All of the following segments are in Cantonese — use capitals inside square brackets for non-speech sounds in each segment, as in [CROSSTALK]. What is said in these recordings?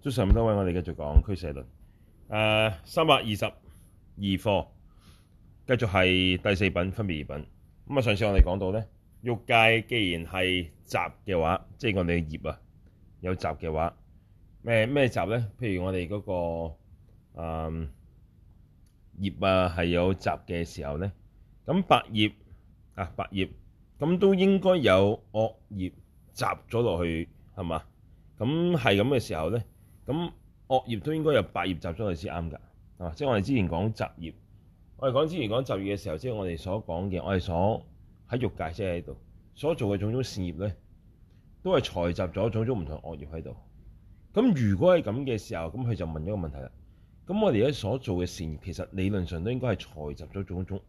早晨多位，我哋繼續講俱舍論，誒三百二十二課，繼續係第四品分別業品。咁啊上次我哋講到咧，欲界既然係雜嘅話，即係我哋業啊有雜嘅話，咩、呃、咩雜咧？譬如我哋嗰、那個誒業、呃、啊係有雜嘅時候咧，咁白業啊白業，咁都應該有惡業雜咗落去係嘛？咁係咁嘅時候咧？咁惡業都應該有白業雜咗，係先啱㗎。啊，即係我哋之前講雜業，我哋講之前講雜業嘅時候，即係我哋所講嘅，我哋所喺欲界即係喺度所做嘅種種善業咧，都係財集咗種種唔同惡業喺度。咁如果係咁嘅時候，咁佢就問咗個問題啦。咁我哋而家所做嘅善業，其實理論上都應該係財集咗種種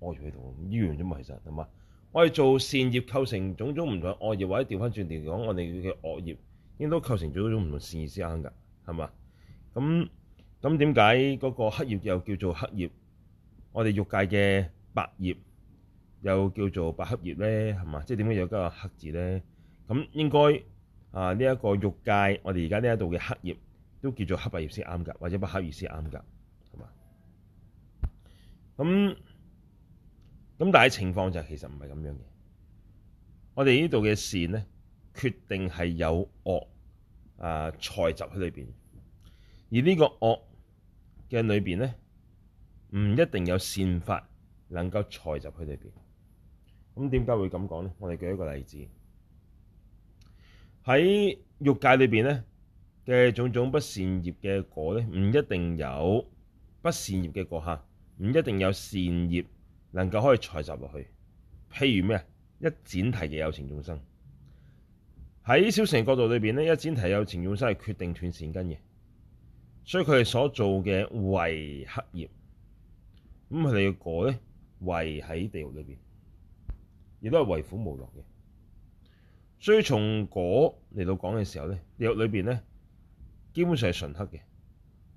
惡業喺度，依樣啫嘛。其實係嘛，我哋做善業構成種種唔同惡業，或者掉返轉嚟講，我哋嘅惡業，應該構成咗嗰種唔同善意先啱㗎，係嘛？咁咁點解嗰個黑業又叫做黑業？我哋欲界嘅白業又叫做白黑業咧，係嘛？即係點解有個黑字咧？咁應該啊，呢一個欲界，我哋而家呢一度嘅黑業都叫做黑白業先啱㗎，或者白黑業先啱㗎，係嘛？咁咁但係情況就其實唔係咁樣嘅。我哋呢度嘅善咧，決定係有惡。啊，雜集喺裏面，而呢個惡嘅裏面咧，唔一定有善法能夠雜集喺裏面。咁點解會咁講咧？我哋舉一個例子，喺欲界裏面咧嘅種種不善業嘅果咧，唔一定有不善業嘅果下，唔一定有善業能夠可以雜集落去。譬如咩啊，一闡提嘅有情眾生。喺小城角度裏邊呢，一闡提有情用心係決定斷善根嘅，所以佢哋所做嘅唯黑業，咁佢哋嘅果咧唯喺地獄裏邊，亦都係唯苦無樂嘅。所以從果嚟到講嘅時候咧，地獄裏邊咧基本上係純黑嘅，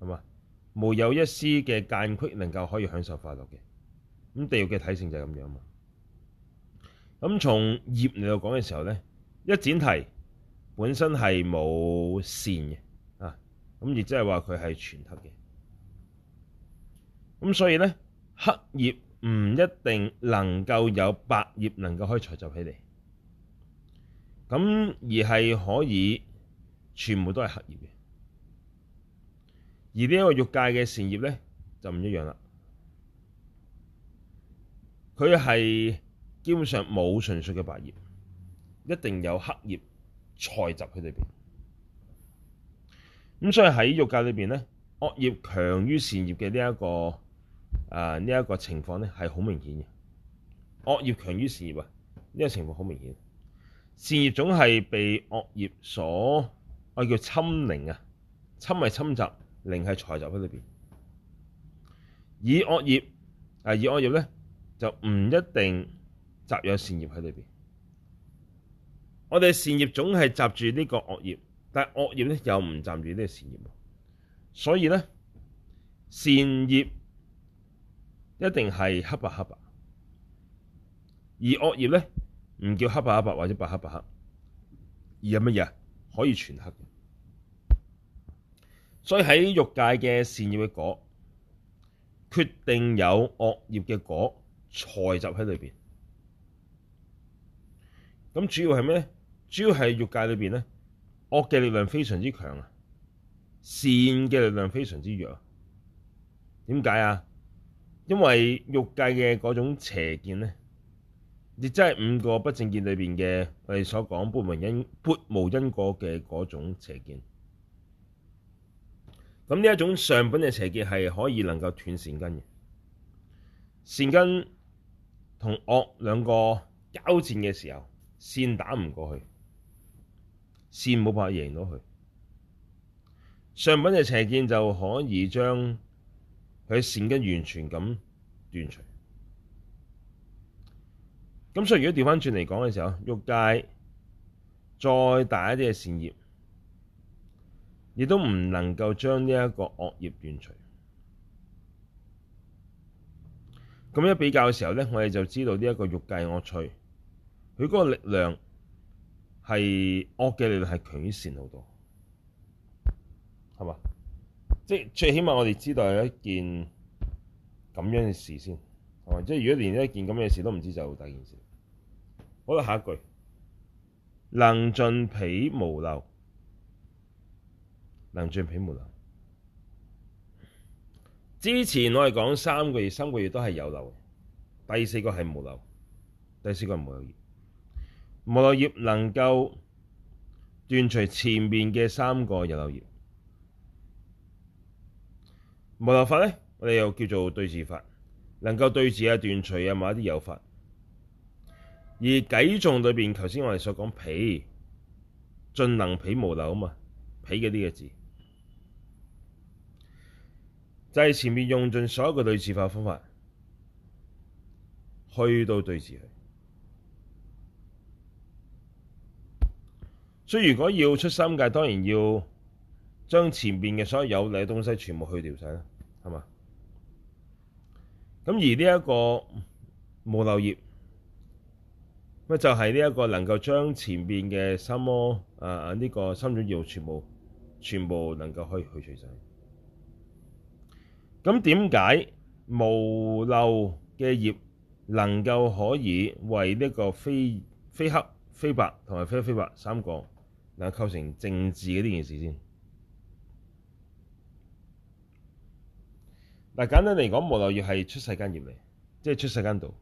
係嘛，冇有一絲嘅間隙能夠可以享受快樂嘅。咁地獄嘅體性就係咁樣嘛。咁從業嚟到講嘅時候咧，一闡提本身係冇善嘅啊，咁亦即係話佢係全黑嘅，咁所以咧黑業唔一定能夠有白業能夠開財就起嚟，咁而係可以全部都係黑業嘅。而呢一個欲界嘅善業咧就唔一樣啦，佢係基本上冇純粹嘅白業，一定有黑業。財集喺裏邊，咁所以喺欲界裏邊咧，惡業強於善業嘅呢一個啊呢一、這個情況咧係好明顯嘅，惡業強於善業啊，呢、這個情況好明顯。善業總係被惡業所我叫侵陵啊，侵係侵襲，陵係財集喺裏邊，而惡業啊而惡業咧就唔一定雜有善業喺裏邊。我哋善業總係集住呢個惡業，但係惡業咧又唔集住呢個善業，所以咧善業一定係黑白黑白，而惡業咧唔叫黑白黑白或者白黑白黑，而係乜嘢啊？可以全黑。所以喺欲界嘅善業嘅果，決定有惡業嘅果雜集喺裏邊。咁主要係咩咧？主要係欲界裏邊咧，惡嘅力量非常之強啊，善嘅力量非常之弱。點解啊？因為欲界嘅嗰種邪見咧，亦即係五個不正見裏邊嘅我哋所講撥無因撥無因果嘅嗰種邪見。咁呢一種上品嘅邪見係可以能夠斷善根嘅，善根同惡兩個交戰嘅時候，善打唔過去。善冇辦法贏到佢，上品嘅邪見就可以將佢善根完全咁斷除。咁所以如果調翻轉嚟講嘅時候，喎，欲界再大一啲嘅善業，亦都唔能夠將呢一個惡業斷除。咁一比較嘅時候咧，我哋就知道呢一個欲界的惡趣，佢嗰個力量。係惡嘅力量係強於善好多，係嘛？即係最起碼我哋知道係一件咁樣嘅事先，係嘛？即係如果連一件咁樣嘅事都唔知，就好大件事。好啦，下一句，能盡彼無漏，能盡彼無漏。之前我哋講三個業，三個業都係有漏，第四個係無漏，第四個係無漏。無漏業能夠斷除前面嘅三個有漏業，無漏法呢，我哋又叫做對治法，能夠對治啊、斷除啊，埋一啲有法而裡面。而偈頌裏邊，頭先我哋所講「彼」，盡能彼無漏啊嘛，「彼」嘅呢個字，就係前面用盡所有嘅對治法方法，去到對治去。所以如果要出三界，當然要將前邊嘅所有有漏嘅東西全部去掉晒啦，係嘛？咁而呢一個無漏業，咁就係呢一個能夠將前邊嘅三魔啊，呢、這個三種業全部全部能夠可以去除晒。咁點解無漏嘅業能夠可以為呢個非非黑非白同埋非黑非白三個？構成政治嘅呢件事先。嗱，簡單嚟講，無漏業係出世間業嚟，即係出世間道，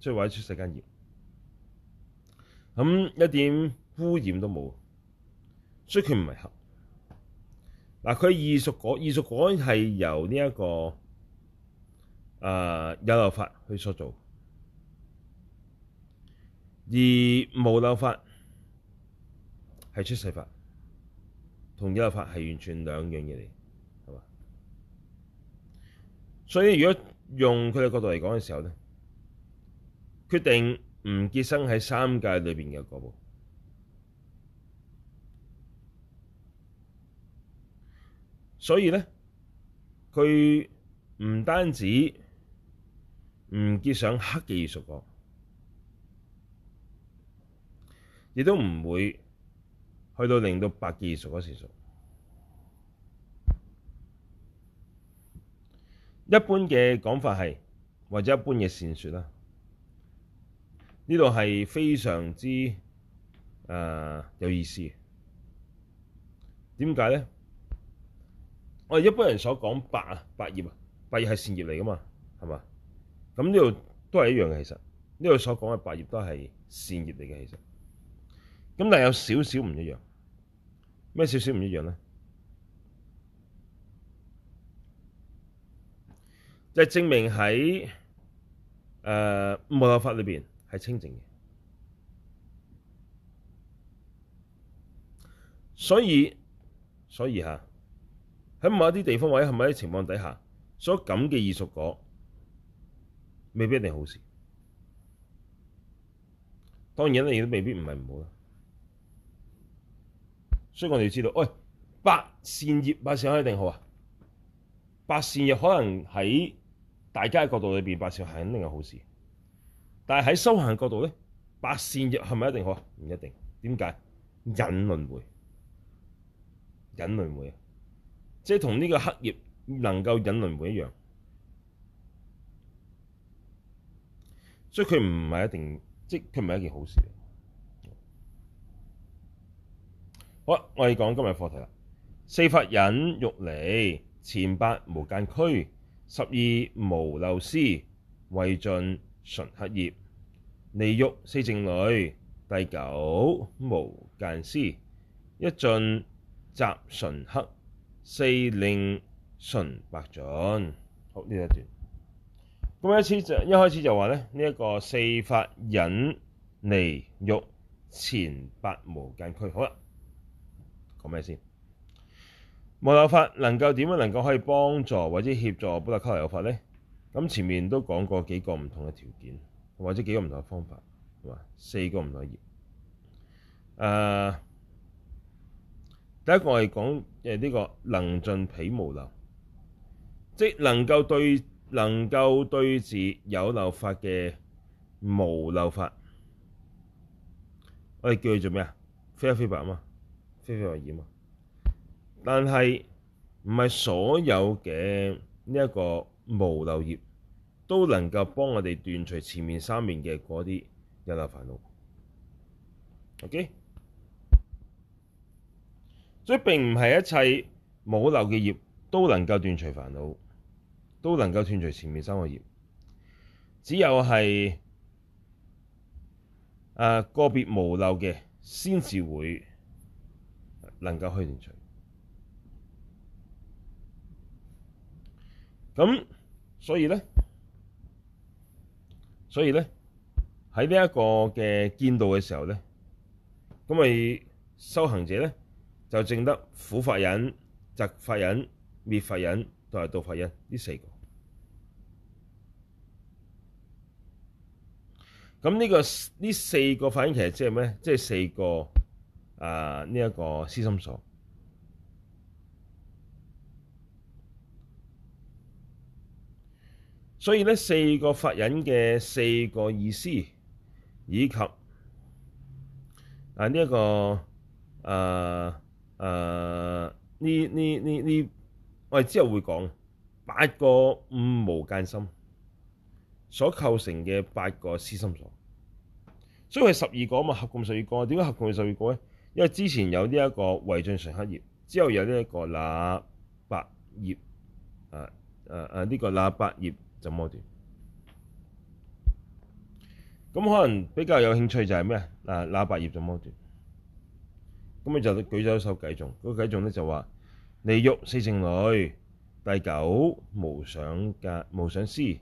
即係話出世間業。咁一點污染都冇，所以佢唔係黑。嗱，佢異熟果異熟果係由呢、這、一個誒、呃、有漏法去所造，而無漏法。係出世法同一入法係完全兩樣嘢嚟，係嘛？所以如果用佢嘅角度嚟講嘅時候咧，決定唔結生喺三界裏邊嘅果報，所以咧佢唔單止唔結上黑嘅異熟果，亦都唔會。去到令到白業熟嗰時熟，一般嘅講法係或者一般嘅善說啦，呢度係非常之誒有意思。點解咧？我哋一般人所講白啊白業啊白業係善業嚟㗎嘛，係嘛？咁呢度都係一樣嘅，其實呢度所講嘅白業都係善業嚟嘅，其實。咁但係有少少唔一樣。咩少少唔一樣咧？就係證明喺誒無漏法裏邊係清淨嘅，所以，所以吓，喺某一啲地方或者喺某一啲情況底下，所感嘅異熟果未必一定好事。當然咧，亦都未必唔係唔好啦。所以我哋要知道，喂，白善業，白善業啊，是一定好啊。白善業可能喺大家嘅角度裏邊，白善係肯定係好事。但係喺修行角度咧，白善業係咪一定好啊？唔一定。點解？引輪迴，引輪迴，即係同呢個黑業能夠引輪迴一樣。所以佢唔係一定，即係佢唔係一件好事。好，我哋講今日課題啦。四法忍離欲前八無間俱，十二無漏思唯盡純黑業，離欲四靜慮第九無間思一盡雜純黑四令純白盡。好，呢一段，咁一次就一開始就話咧呢一個四法忍離欲前八無間俱。好啦。講咩先？無漏法能夠點樣能夠可以幫助或者協助波特卡流法咧？咁前面都講過幾個唔同嘅條件，或者幾個唔同嘅方法，係嘛？四個唔同嘅業，啊。第一個係講誒呢個能盡彼無漏，即能夠對能夠對治有漏法嘅無漏法。我哋叫佢做咩啊？非黑非白啊嘛～非黑非白業啊！但係唔係所有嘅呢一個無漏業都能夠幫我哋斷除前面三面嘅嗰啲有漏煩惱。OK，所以並唔係一切無漏嘅業都能夠斷除煩惱，都能夠斷除前面三個業。只有係誒個別無漏嘅先至會。能夠去斷除，咁所以咧，所以咧喺呢一個嘅見道嘅時候咧，咁咪修行者咧就證得苦法忍、集法忍、滅法忍同埋道法忍呢四個。咁呢個呢四個法忍其實即係咩？即係四個。啊！呢、這、一個思心所，所以呢四個法忍嘅四個意思，以及啊呢一、這個啊啊呢呢呢呢，我哋之後會講八個五無間心所構成嘅八個思心所，所以係十二個嘛？合共十二個，點解合共十二個咧？因為之前有呢一個唯盡純黑業，之後有呢一個喇白業，啊啊啊！呢、呢個喇白業就磨斷。咁可能比較有興趣就係咩啊？喇白業就磨斷。咁你就舉咗首偈頌，嗰個偈頌咧就話：離欲四靜慮，第九無間嘅無間思，一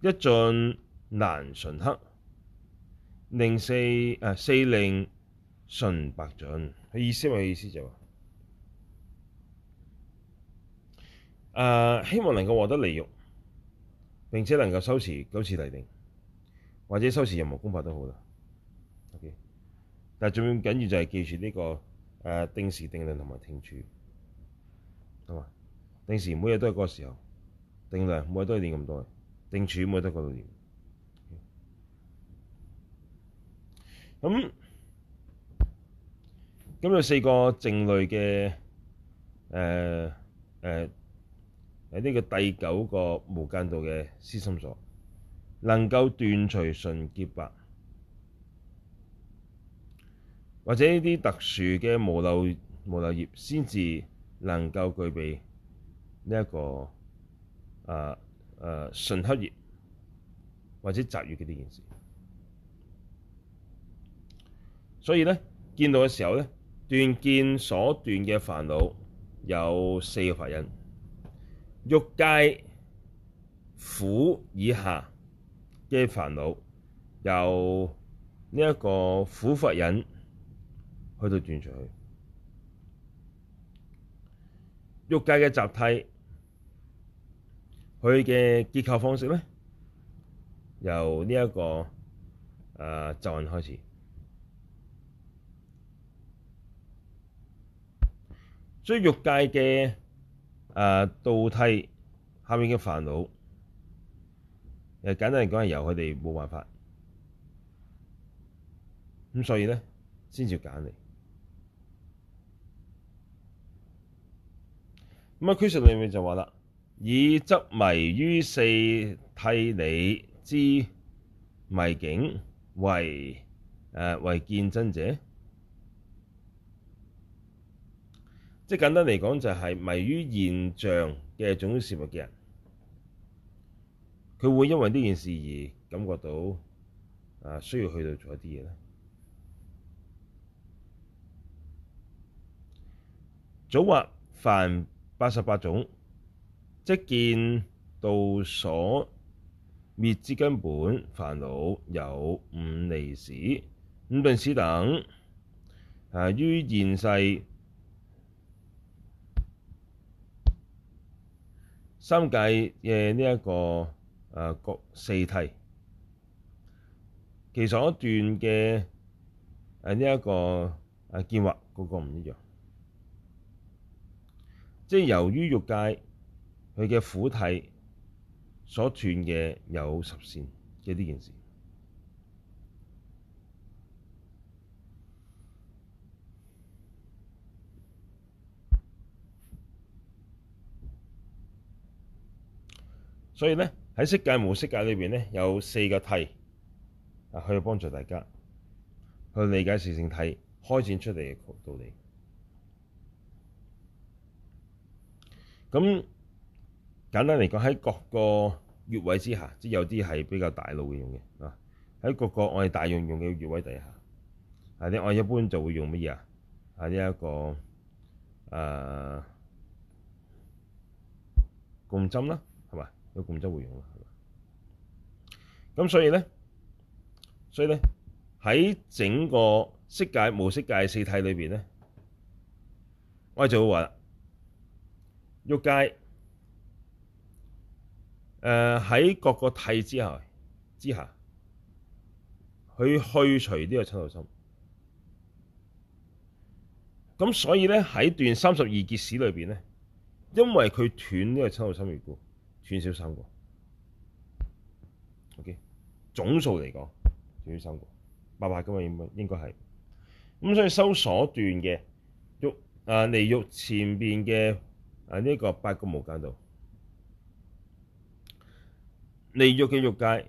盡雜純黑，令四啊四令。信白準，佢意思咪意思就係，誒、呃，希望能夠獲得利益，並且能夠收持九次嚟定，或者收持任何功法都好啦。OK，但係最緊要就係記住呢、這個誒、呃、定時定量同埋定處，係嘛？定時每日都係嗰個時候，定量每日都係練咁多，定處每日都係嗰度練。咁、OK? 嗯。咁有四個靜慮嘅誒誒呢個第九個無間道嘅思心所，能夠斷除純潔白，或者呢啲特殊嘅無漏無漏業，先至能夠具備呢、這、一個啊啊、呃呃、純黑業或者雜業嘅呢件事。所以咧，見道嘅時候咧。斷見所斷嘅煩惱有四個法忍：玉欲界苦以下嘅煩惱由呢一個苦法忍去到斷上去，欲界嘅集諦佢嘅結構方式咧，由呢、這、一個誒、呃、咒人開始。所以欲界嘅誒、呃、道諦下面嘅煩惱，簡簡單嚟講係由佢哋冇辦法，咁所以咧先至揀你。咁、那、啊、個、，俱舍裏面就話啦，以執迷於四諦理之迷境為誒、呃、為見真者。即簡單嚟講，就係、是、迷於現象嘅種種事物嘅人，佢會因為呢件事而感覺到啊，需要去到做一啲嘢咧。早話凡八十八種，即見道所滅之根本煩惱有五利使、五鈍使等啊，於現世。三界嘅呢一個誒各、啊、四諦，其所斷嘅誒呢一個誒見惑，啊那個個唔一樣，即、就、係、是、由於欲界佢嘅苦諦所斷嘅有十使嘅呢件事。所以呢，喺色界無色界裏邊呢，有四個梯啊，去幫助大家去理解事情體，開展出嚟嘅道理。咁簡單嚟講，喺各個穴位之下，即係有啲係比較大腦會用嘅啊。喺各個我哋大用用嘅穴位底下，係咧我一般就會用乜嘢啊？係呢一個誒鋼、呃、針啦。咁就修會用啦，咁所以咧，所以咧喺整個色界、無色界四諦裏邊咧，我哋就會話，欲界誒喺、呃、各個諦之下之下，去去除呢個瞋怒心。咁所以咧喺斷三十二使裏邊咧，因為佢斷呢個瞋怒心如過。斷少三個，OK，總數嚟講，斷少三個，八百咁啊，應，應該係。咁所以修所斷嘅欲啊，離欲前邊嘅啊呢個八個無間道，離欲嘅欲界，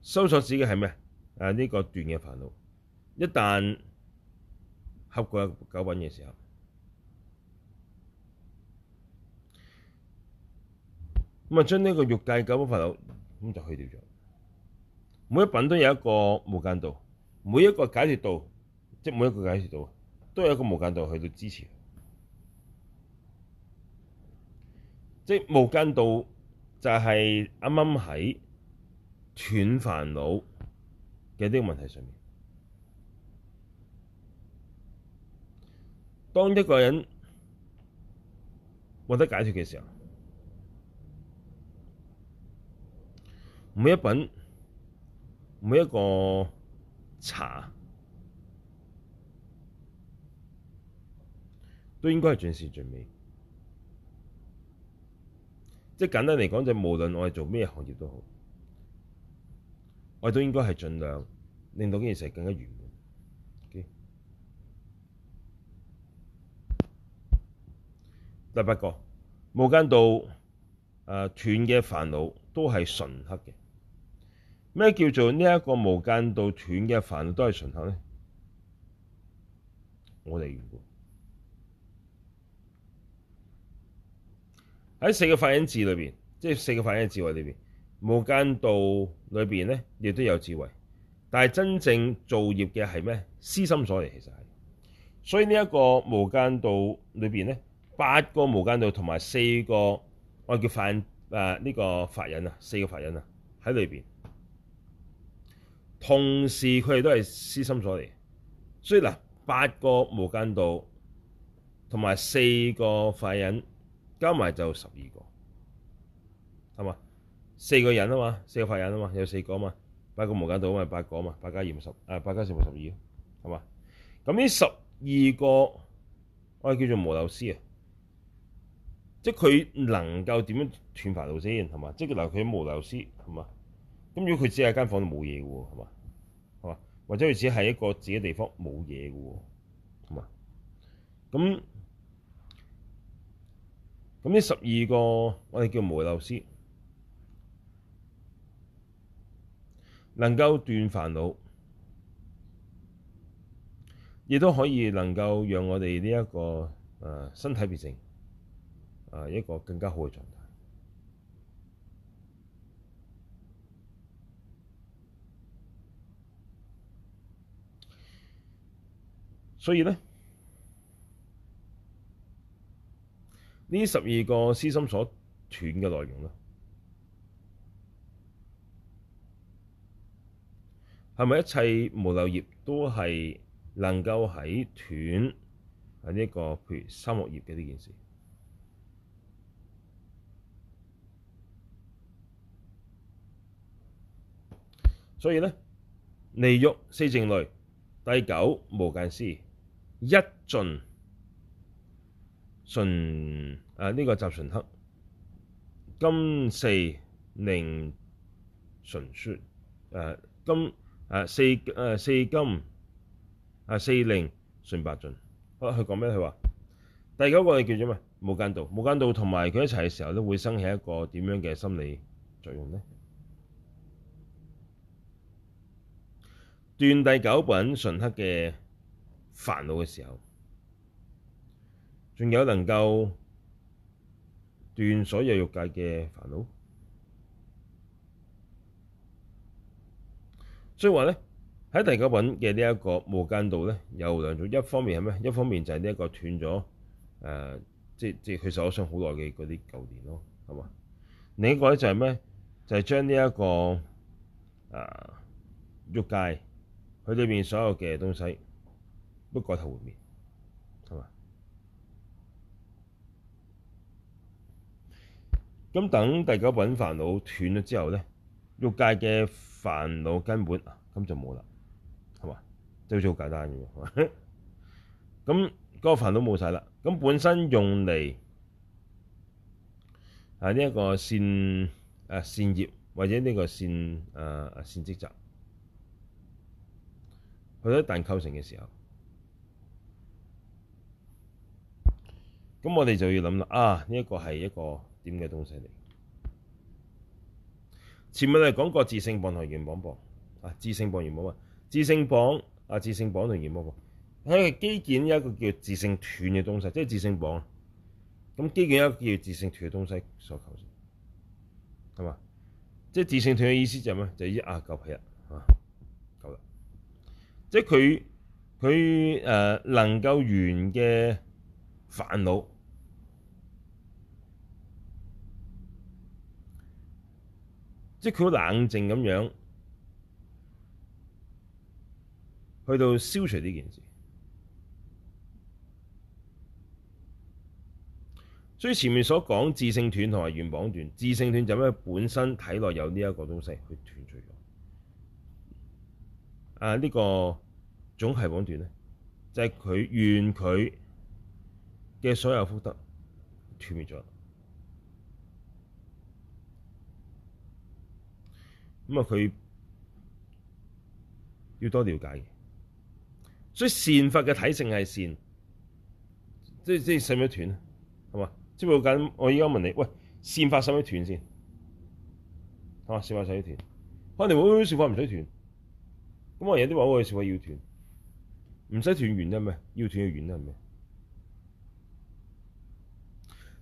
修所指嘅係咩啊？啊呢個斷嘅煩惱，一旦合過九品嘅時候。咁啊，將呢個欲界九品煩惱咁就去掉咗。每一品都有一個無間道，每一個解脫道，即每一個解脫道都有一個無間道去到支持。即無間道就係啱啱喺斷煩惱嘅呢個問題上面。當一個人獲得解脫嘅時候。每一品、每一個茶，都應該係盡善盡美。即係簡單嚟講，就無論我哋做咩行業都好，我哋都應該係盡量令到件事更加完美。第、OK？八個，無間道誒、啊、斷嘅煩惱都係純黑嘅。咩叫做呢一個無間道斷嘅煩惱都係純黑咧？我哋喺四個法忍字裏邊，即係四個法忍智慧裏邊，無間道裏面咧亦都有智慧，但係真正造業嘅係咩？思心所嚟，其實係。所以呢一個無間道裏面咧，八個無間道同埋四個我叫法忍呢、呃呢個法忍啊，四個法忍啊喺裏邊。同時佢哋都係思心所嚟，所以嗱，八個無間道同埋四個法忍，加埋就十二個，係嘛？四個人啊嘛，四個法忍啊嘛，有四個啊嘛，八個無間道啊嘛，八個啊嘛，八加二十，誒八加四咪十二，係嘛？咁呢十二個我係叫做無漏思啊。即係佢能夠點樣斷煩惱先，係嘛？即係嗱，佢無漏思，係嘛？咁如果佢只係間房冇嘢嘅喎，係嘛？係嘛？或者佢只係一個自己嘅地方冇嘢嘅喎，係嘛？咁咁呢十二個我哋叫無漏思，能夠斷煩惱，亦都可以能夠讓我哋呢一個誒身體變成誒一個更加好嘅狀態。所以呢，呢十二個私心所斷嘅內容呢係咪一切無漏業都係能夠喺斷啊呢一個譬如三惡業嘅呢件事？所以呢，離欲四靜慮第九無間思。一盡純誒，呢個雜純黑，金四令純白，誒，金，誒，四，誒，四金，誒，四令純白盡。佢講咩？佢話第九個係叫做咩？無間道。無間道同埋佢一齊嘅時候，都會生起一個點樣嘅心理作用呢？斷第九品純黑嘅。煩惱嘅時候，仲有能夠斷所有欲界嘅煩惱，所以話咧喺第九品嘅呢一個無間道咧，有兩種，一方面係咩？一方面就係呢一個斷咗誒，即即佢受傷好耐嘅嗰啲舊年咯，係嘛？另一個咧就係咩？就係將呢一個、呃、欲界佢裏面所有嘅東西。不改頭換面，係嘛？咁等第九品煩惱斷咗之後咧，欲界嘅煩惱根本啊，根本就冇啦，係嘛？真好似好簡單嘅係嘛？咁嗰個煩惱冇晒啦，咁本身用嚟啊呢一個善啊善業或者呢個善啊啊善積集，佢一旦構成嘅時候。咁我哋就要諗啦，啊呢一個係一個點嘅東西嚟？前面我講過自性棒同圓棒棒，啊自性棒圓棒啊，自性榜啊自性榜同圓棒棒，喺、啊、基建一個叫自性斷嘅東西，即、就、係、是、自性榜咁基建一個叫自性斷嘅東西所構成，係嘛？即、就、係、是、自性斷嘅意思就係咩、啊？就一啊夠皮啦，吓夠啦！即係佢佢誒能夠圓嘅煩惱。即係佢好冷靜咁樣去到消除呢件事，所以前面所講自性斷同埋原綁斷，自性斷就因為，本身體內有呢一個東西，佢斷除咗。啊，呢個總係綁斷咧，就係佢願佢嘅所有福德斷滅咗。咁啊，佢要多了解嘅，所以善法嘅體性係善，即係即係使唔使斷啊？係嘛？即係我緊，我而家問你，喂，善法使唔使斷先？啊，善法使唔使斷？可能會善法唔使斷，咁我有啲話喂善法要斷，唔使斷完啫咩？要斷嘅原因係咩？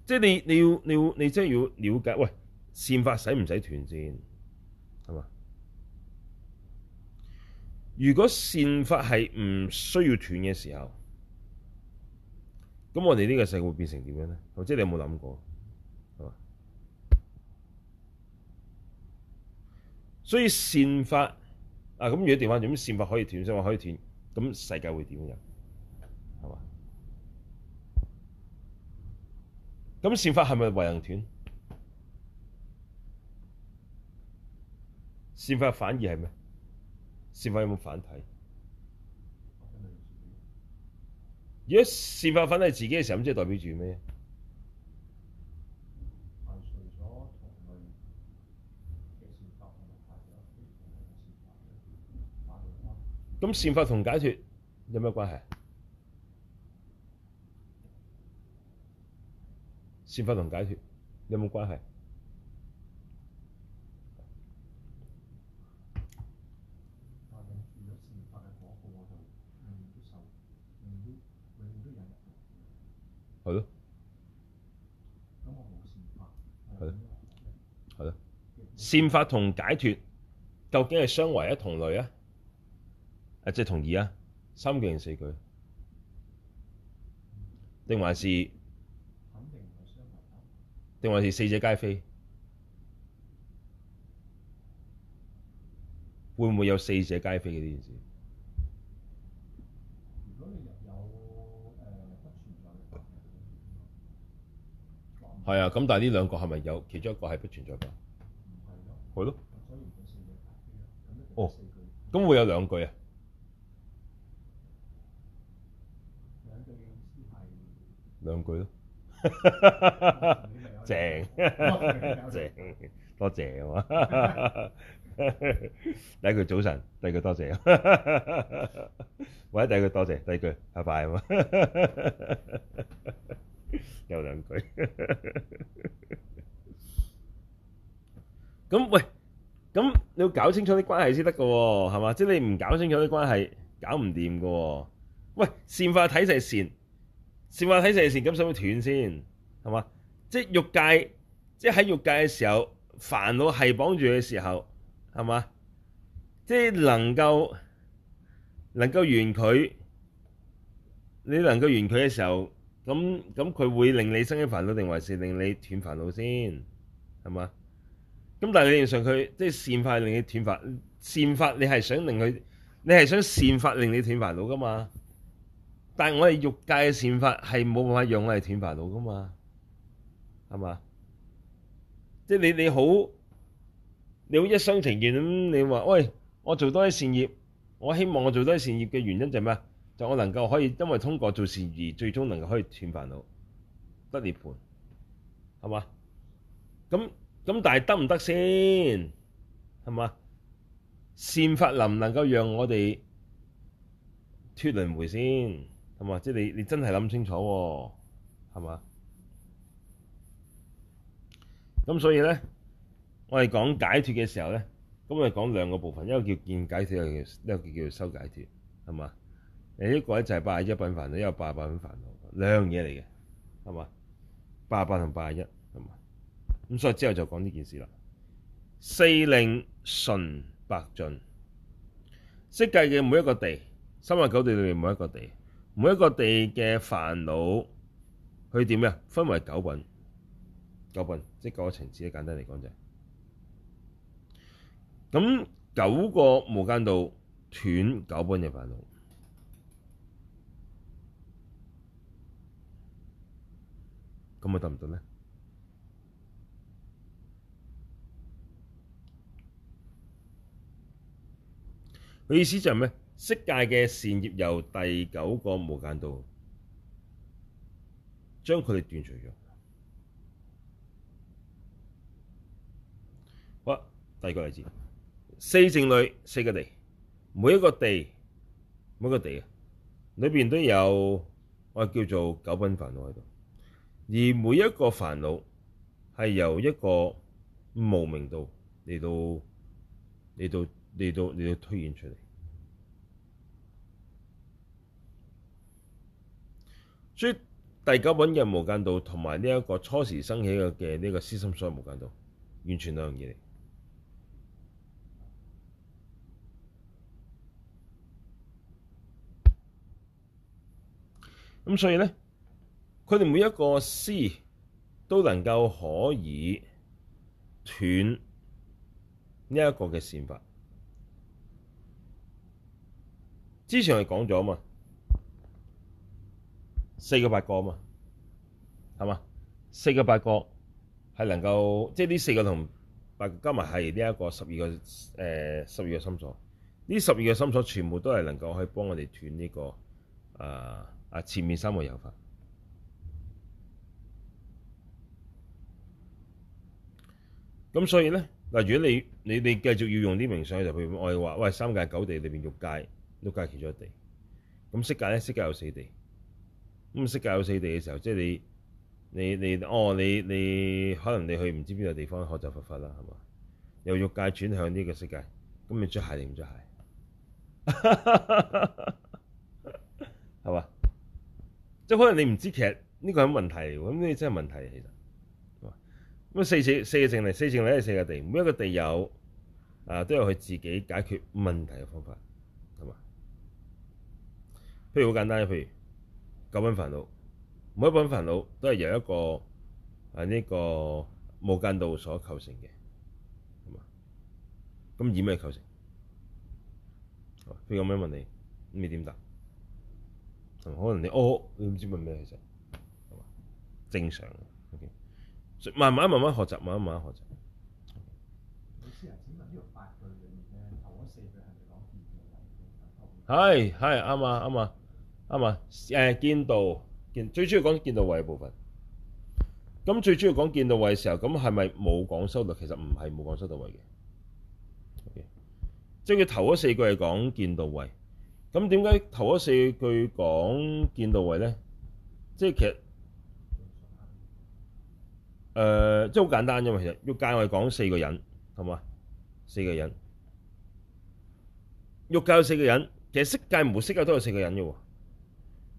即係你你要你要你真係要了解，喂，善法使唔使斷先？如果善法係唔需要斷嘅時候，咁我哋呢個世界會變成點樣咧？或者你有冇諗過？係嘛？所以善法啊，咁如果點解咁善法可以斷，即話可以斷，咁世界會點樣？係嘛？咁善法係咪為行斷？善法反而係咩？善法有冇反體？如果善法反體自己嘅時候，咁即係代表住咩？有咁善法同解脫有咩關係？善法同解脫有冇關係？係咯，法、嗯，係咯，係咯，善法同解脫究竟係相違一同類啊？啊，即係同意啊，三句定四句，定、嗯、還是定唔還是四者皆非？會唔會有四者皆非嘅呢件事？如果你入有。係啊，咁但係呢兩個係咪有其中一個係不存在噶？係咯。哦，咁會有兩句啊。兩句咯。兩句 [LAUGHS] 正， [LAUGHS] [LAUGHS] 正， [LAUGHS] 多謝啊嘛。 [LAUGHS] 第一句早晨，第二句多謝。 [LAUGHS] 或者第一句多謝，第二句拜拜嘛。 [LAUGHS] 有 [LAUGHS] 兩又兩句， [LAUGHS] 咁喂，咁你要搞清楚啲關係先得噶，係嘛？即係你唔搞清楚啲關係，搞唔掂噶。喂，善法體就係善，善法體就係善，咁使唔使斷先？係嘛？即係欲界，即係喺欲界嘅時候，煩惱係綁住嘅時候，係嘛？即係能夠，能夠完佢，你能夠完佢嘅時候。咁咁佢會令你生起煩惱定還是令你斷煩惱先係嘛？咁但係理論上佢即係善法令你斷煩善法你，你係想令佢，你係想善法令你斷煩惱噶嘛？但係我哋欲界嘅善法係冇辦法讓我哋斷煩惱噶嘛？係嘛？即係你你好你好一廂情願咁，你話喂，我做多啲善業，我希望我做多啲善業嘅原因就咩啊？就我能夠可以，因為通過做善而最終能夠可以斷煩惱得涅槃，係嘛？咁咁，那但係得唔得先係嘛？善法能唔能夠讓我哋脫輪迴先係嘛？即係、就是、你你真係諗清楚係、啊、嘛？咁所以咧，我哋講解脫嘅時候咧，咁我哋講兩個部分，一個叫見解脫，一個叫一個叫叫修解脫，係嘛？你、這、呢個咧就係八十一品煩惱，因有八十八品煩惱，兩樣嘢嚟嘅，係嘛？八十八同八十一，係嘛？咁所以之後就講呢件事啦。四令純白盡，即係色界嘅每一個地，三界九地裏面每一個地，每一個地嘅煩惱，佢點呀？分為九品，九品，即係個層次。簡單嚟講就係，咁九個無間道斷九品嘅煩惱。咁咪得唔得咧？意思就係咩？色界嘅善業由第九個無間道將佢哋斷除咗。好，第二個例子，四靜慮四個地，每一個地每一個地啊，裏邊都有我叫做九品煩惱喺度。而每一個煩惱係由一個無間道嚟到嚟到嚟到嚟到推演出嚟，所以第九品嘅無間道同埋呢一個初時生起嘅嘅呢個思心所無間道，完全兩樣嘢嚟。咁所以咧。佢哋每一個師都能夠可以斷呢一個嘅線法。之前係講咗啊嘛，四個八個啊嘛，係嘛？四個八個係能夠，即係呢四個同八加埋係呢一個十二個誒，十二個心所。呢十二個心所全部都係能夠可以幫我哋斷呢、呢個啊啊前面三個有法。咁所以咧，嗱，如果你你你繼續要用啲名相，就譬如我哋話，喂，三界九地裏面，欲界、欲界其中一地，咁色界咧，色界有四地，咁色界有四地嘅時候，即係你你你哦，你你可能你去唔知邊個地方學習佛法啦，係嘛？由欲界轉向呢個色界，咁你着鞋定唔着鞋？係嘛？即 [LAUGHS] 係可能你唔知，其實呢個係問題嚟嘅，咁呢真係問題嚟嘅。咁啊四四個靜慮，四靜慮係四個地，每一個地有啊，都有佢自己解決問題嘅方法，係嘛？譬如好簡單，譬如九品煩惱，每一品煩惱都係由一個啊呢個無間道所構成嘅，係嘛？咁以咩構成？譬如咁樣問你，你點答？同可能你哦，你唔知問咩其實，係嘛？正常。慢慢慢慢學習，慢慢慢慢學習。老師啊，請問呢個八句裡面咧，頭嗰四句係咪講見道位？係係啱啊啱啊啱啊！誒，見道見最主要講見道位嘅部分。咁最主要講見道位嘅時候，咁係咪冇講修道？其實唔係冇講修道位嘅。即係佢頭嗰四句係講見道位。咁點解頭嗰四句講見道位咧？即係其實。誒、呃，即係好簡單，啫嘛？其實欲界我哋講四個忍，係嘛？四個忍，欲界有四個忍，其實色界無色界都有四個忍嘅。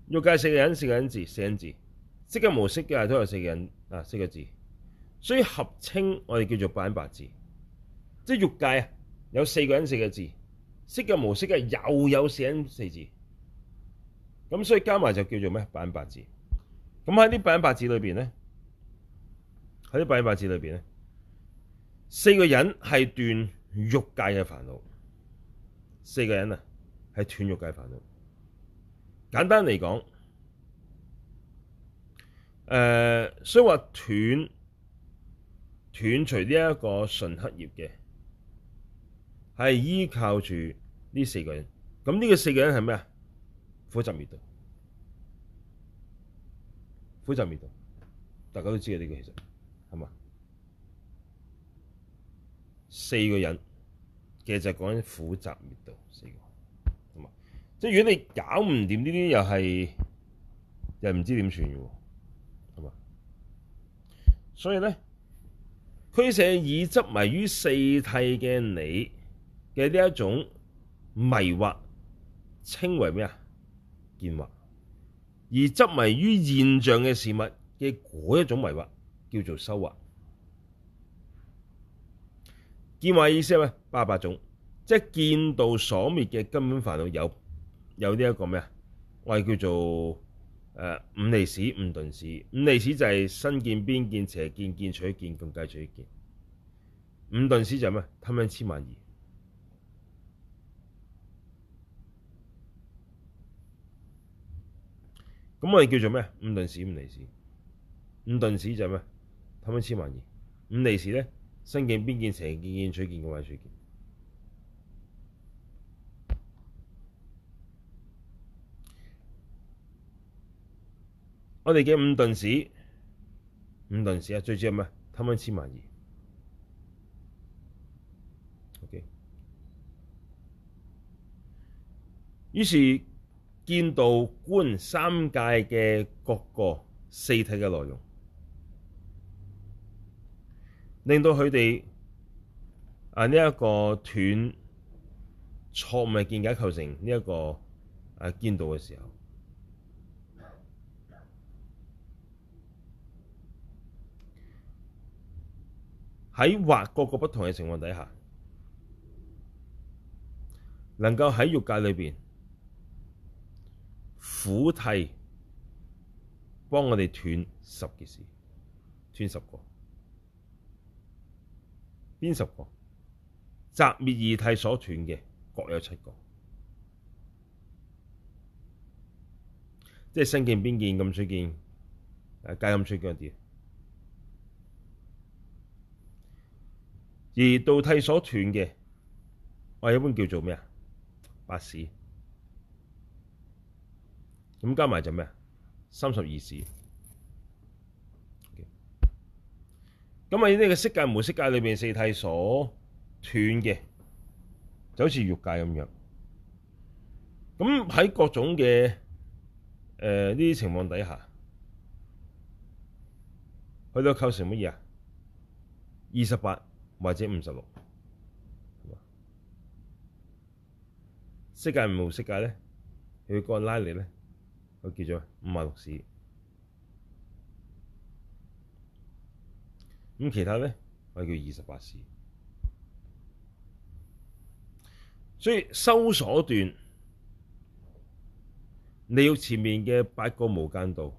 欲界四個忍，四個忍智，四個忍智，色界無色界都有四個忍啊，四個智。所以合稱我哋叫做八忍八智。即係欲界啊，有四個忍，四個智，色界無色界又有四忍四智。咁所以加埋就叫做咩？八忍八智。咁喺啲八忍八智裏邊咧。喺啲八忍八智裏邊咧，四個忍係斷欲界嘅煩惱，四個忍啊係斷欲界煩惱。簡單嚟講，誒、呃，所以話斷斷除呢一個純黑業嘅，係依靠住呢四個忍。咁呢個四個忍係咩啊？苦集滅道，苦集滅道，大家都知嘅呢個其實。係嘛？四個忍其實講緊苦集滅道，四個忍，係嘛？即係如果你搞唔掂呢啲，又係又唔知點算嘅喎，係嘛？所以咧，俱舍以執迷於四諦嘅理嘅呢一種迷惑，稱為咩啊？見惑，而執迷於現象嘅事物嘅嗰一種迷惑。叫做收穫。見惑意思係咩？八十八種，即係見道所滅嘅根本煩惱有有呢一個咩啊？我哋叫做誒五利使、五鈍使。五利使就係身見、邊見、邪見、見取見，戒禁取見。五鈍使就係咩？貪嗔痴慢疑。咁我哋叫做咩？五鈍使、五利使。五鈍使就係咩？貪瞋癡慢疑，五利使呢，身見邊見邪見，見取見戒禁取見。我哋嘅五鈍使，五鈍使啊！最主要係咩？貪瞋癡慢疑。OK。於是見道觀三界嘅各個四諦嘅內容。令到佢哋啊呢一個斷錯誤嘅見解構成呢一個啊見道嘅時候，喺各個不同嘅情況底下，能夠喺欲界裏邊苦諦幫我哋斷十件事，斷十個。邊十個？集滅二諦所斷嘅各有七個，即係身見、邊見戒禁取見，加戒禁取見有啲。而道諦所斷嘅，我一般叫做咩啊？八使，咁加埋就咩啊？三十二使。咁喺呢個色界無色界裏面，四諦所斷嘅，就好似欲界咁樣。咁喺各種嘅誒呢啲情況底下，去到構成乜嘢啊？二十八或者五十六，色界無色界咧，佢個拉力咧，佢叫做五十六使。咁其他咧，我叫二十八使，所以修所斷，你要前面嘅八個無間道，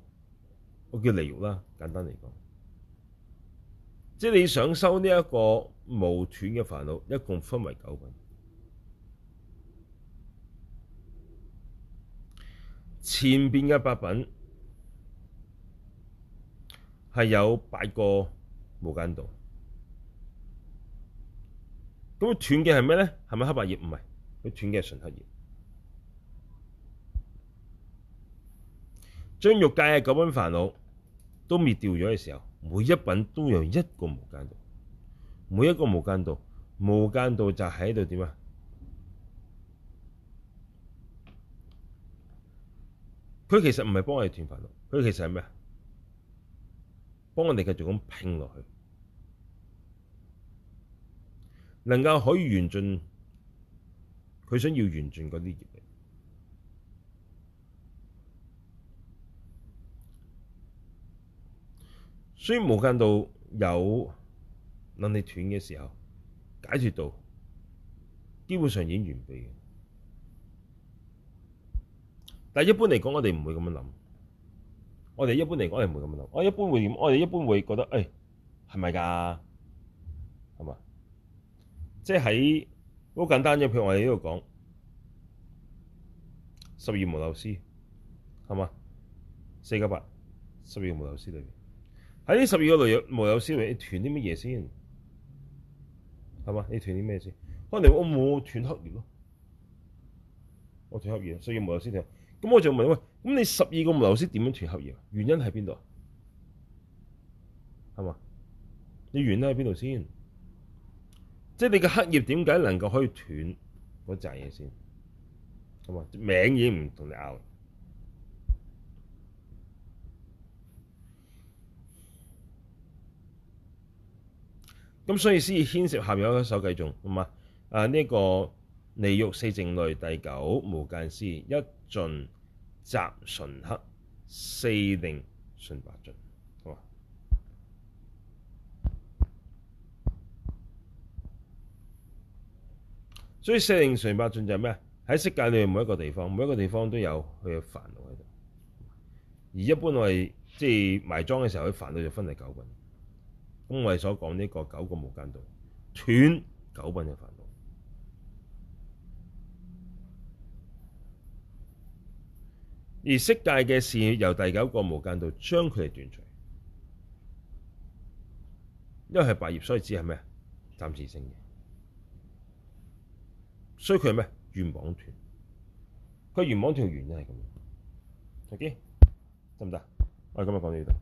我叫離欲啦，簡單嚟講，即係你想修呢一個無斷嘅煩惱，一共分為九品，前邊嘅八品係有八個。無間道，咁斷嘅係咩咧？係咪黑白業？唔係，佢斷嘅係純黑業。將欲界嘅九品煩惱都滅掉咗嘅時候，每一品都有一個無間道，每一個無間道，無間道就喺度點啊？佢其實唔係幫我哋斷煩惱，佢其實係咩啊？幫我哋繼續咁拼落去，能夠可以完盡佢想要完盡嗰啲業力，雖然無間道有能力斷嘅時候，解脫道基本上已經完備，但一般嚟講，我哋唔會咁樣諗。我哋一般嚟講係唔會咁嘅諗，我，我一般會點？我哋一般會覺得，誒係咪㗎？係嘛？即係好簡單啫。譬如我哋呢度講十二無漏思，係嘛？四加八，十二無漏思裏面，喺呢十二個無漏思裏面，你斷啲乜嘢先？係嘛？你斷啲咩先？可能我冇斷黑業咯，我斷黑業，所以無漏思斷。咁我就問喂。咁你十二個無漏思點樣斷黑業？原因喺邊度啊？係嘛？你原因喺邊度先？即係你嘅黑業點解能夠可以斷嗰扎嘢先？咁啊名已嘢唔同你拗，咁所以先至牽涉下游一手繼續，係嘛？啊呢個《離欲四靜慮》第九無間思一盡。雜純黑，四令純白盡。好，所以四令純白盡就係咩？喺色界裏邊每一個地方，每一個地方都有佢嘅煩惱喺度。而一般我哋即係埋莊嘅時候，啲煩惱就分係九品。咁我哋所講呢個九個無間道，斷九品嘅煩惱。而色界嘅事由第九個無間道將佢哋斷除，因為係白業，所以只係咩？暫時性嘅，所以佢係咩？圓網團，佢圓網團原因係咁樣，Ok，得唔得？我今日講到呢度。